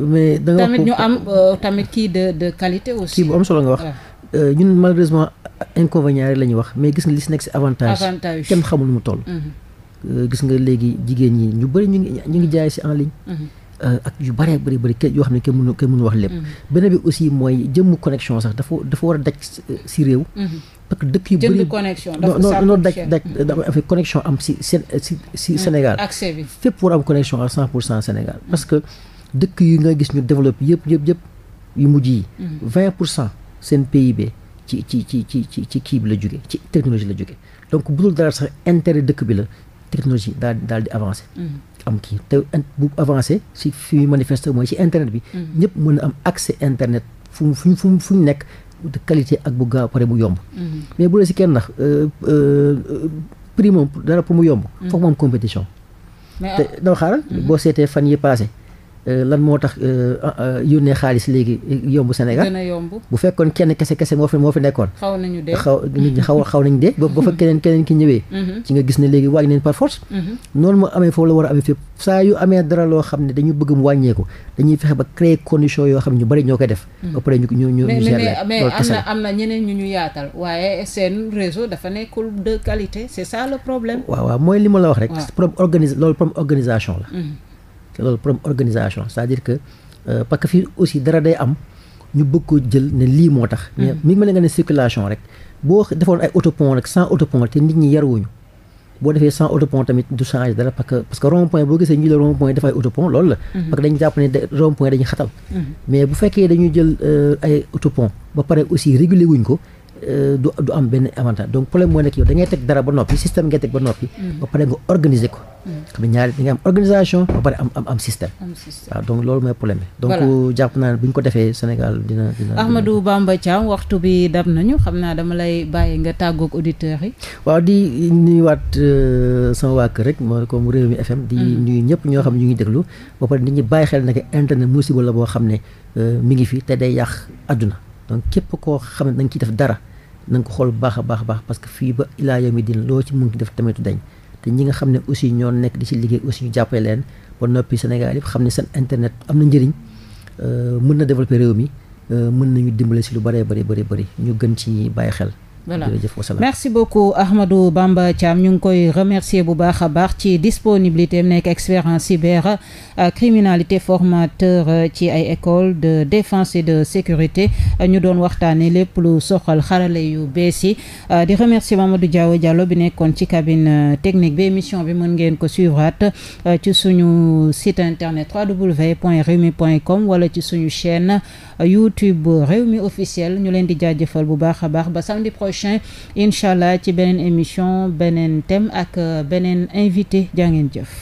mais da ñu am tamit kii de de qualité aussi. kii bu am solo nga wax. ñun malheureusement inconvénients rek la ñuy wax mais gis nga li si nekk si avantage. avantage xamul mu toll. Mm-hmm. Euh, gis nga léegi jigéen ñi ñu bëri ñu ngi ñu ngi jaay si en ligne. Mhm. Euh, ak yu bëree bëri bëri kenn yoo xam ne kenn mënu kenn mënu wax lépp. Mhm. beneen bi aussi mooy jëmm connexion sax dafa war a daj si euh, réew. Mhm. parce que dëkk yu bëri jënd connexion dafa non non daj daj dafa connexion bi fépp war nga gis ñu développé yëpp yëpp yu mujj yi. seen PIB. ci ci ci ci ci kii bi la jóge ci technologie la jóge donc bu dul dara sax intérêt dëkk bi la technologie daal daal di avancé. Mhm. am kii te bu avancé si fi manifeste mooy si internet bi. Mhm. ñëpp mën a am accès internet fu mu fu mu fu mu nekk de qualité ak bu gaaw pare bu yomb. Mhm. mais bu dee si kenn ndax euh, euh, prix moom dara pour mu yomb. foog mu am compétition. te euh, dama xaaral boo seetee fan yi passé Euh, lan moo tax euh, euh, yónnee xaalis léegi yomb Sénégal a yomb bu fekkoon kenn kese kese moo fi moo fi nekkoon. xaw nañu dee xaw nit ñi xaw xaw nañu dee. ba ba fa keneen keneen ki ñëwee. Mm-hmm. ci nga gis ne léegi wàññi nañ par mm-hmm. noonu moo amee foofu la war a amee fépp saa yu amee dara loo xam ne dañu bëgg mu wàññeeku dañuy fexe ba créer condition yoo xam ñu bari ñoo koy def. Mm-hmm. ba pare ñu ñu ñu ñu gérer mais am na am na ñeneen ñu ñu yaatal waaye seen réseau dafa nekkul de qualité c'est ça le problème. waaw waaw mooy li ma la wax te loolu problème organisation cest dire que euh, parce que aussi dara day am ñu bëgg ko jël ne lii moo tax. mais mm-hmm. mi ngi mel nga ne circulation rek boo defoon ay autopont rek sans autopont te nit ñi yaruwuñu boo defee sans autopont tamit du changer dara parce que parce que rond-point boo gisee ñu la rond-point dafay autopont loolu la. Mm-hmm. parce que dañu jàpp ne rond-point xatal. Mm-hmm. mais bu fekkee dañuy jël euh, ay autopont ba pare aussi réguler wuñ ko. Euh, du du am benn avantage donc problème moo nekk yow da teg dara ba noppi système ngay teg ba noppi. Mm. ba pare nga organiser ko. Mm. xam ne ñaari da ngay am organisation ba pare am am am système. waaw donc loolu mooy problème bi. donc jàpp naa ne bu ñu ko defee Sénégal dina dina. Ahmadou Bamba waxtu bi dab nañu xam naa dama lay bàyyi nga tàggoog auditeurs yi. waaw di waat euh, sama waa kër rek mooy comme Rewmi FM. di mm. nuyu ñëpp ñoo xam ne ñu ngi déglu ba pare nit ñi bàyyi xel nag internet musiba la boo xam ne euh, mi ngi fii te day yàq àdduna. donc képp koo xam ne da nga ciy def dara na ko xool baax a baax a baax parce que fii ba ilaa yomi din loo ci mun ci def tamit dañ te ñi nga xam ne aussi ñoo nekk di ci liggéey aussi ñu jàppale leen ba noppi Sénégal xam ne seen internet am na njëriñ euh, mën na développer réew mi euh, mën nañu dimbale si lu bëree bëri bëri bëri ñu gën ci bàyyi xel voilà jërëjëf wasalaam merci beaucoup Ahmadou Bamba Thiam ñu ngi koy remercier bu baax a baax ci disponibilité am nekk expert en cyber euh, criminalité formateur euh, ci ay école de défense et de sécurité ñu doon waxtaanee lépp lu soxal xarale yu bees yi euh, di remercier Mamadou Diaw Diallo bi nekkoon ci cabine technique bi émission bi mën ngeen ko suivraat ci suñu site internet www.rewmi.com wala ci suñu chaîne YouTube Rewmi officiel ñu leen di jaajëfal bu baax a ba samedi prochain prochain incha allah ci beneen émission beneen thème ak euh, beneen invité jaa ngeen jëf.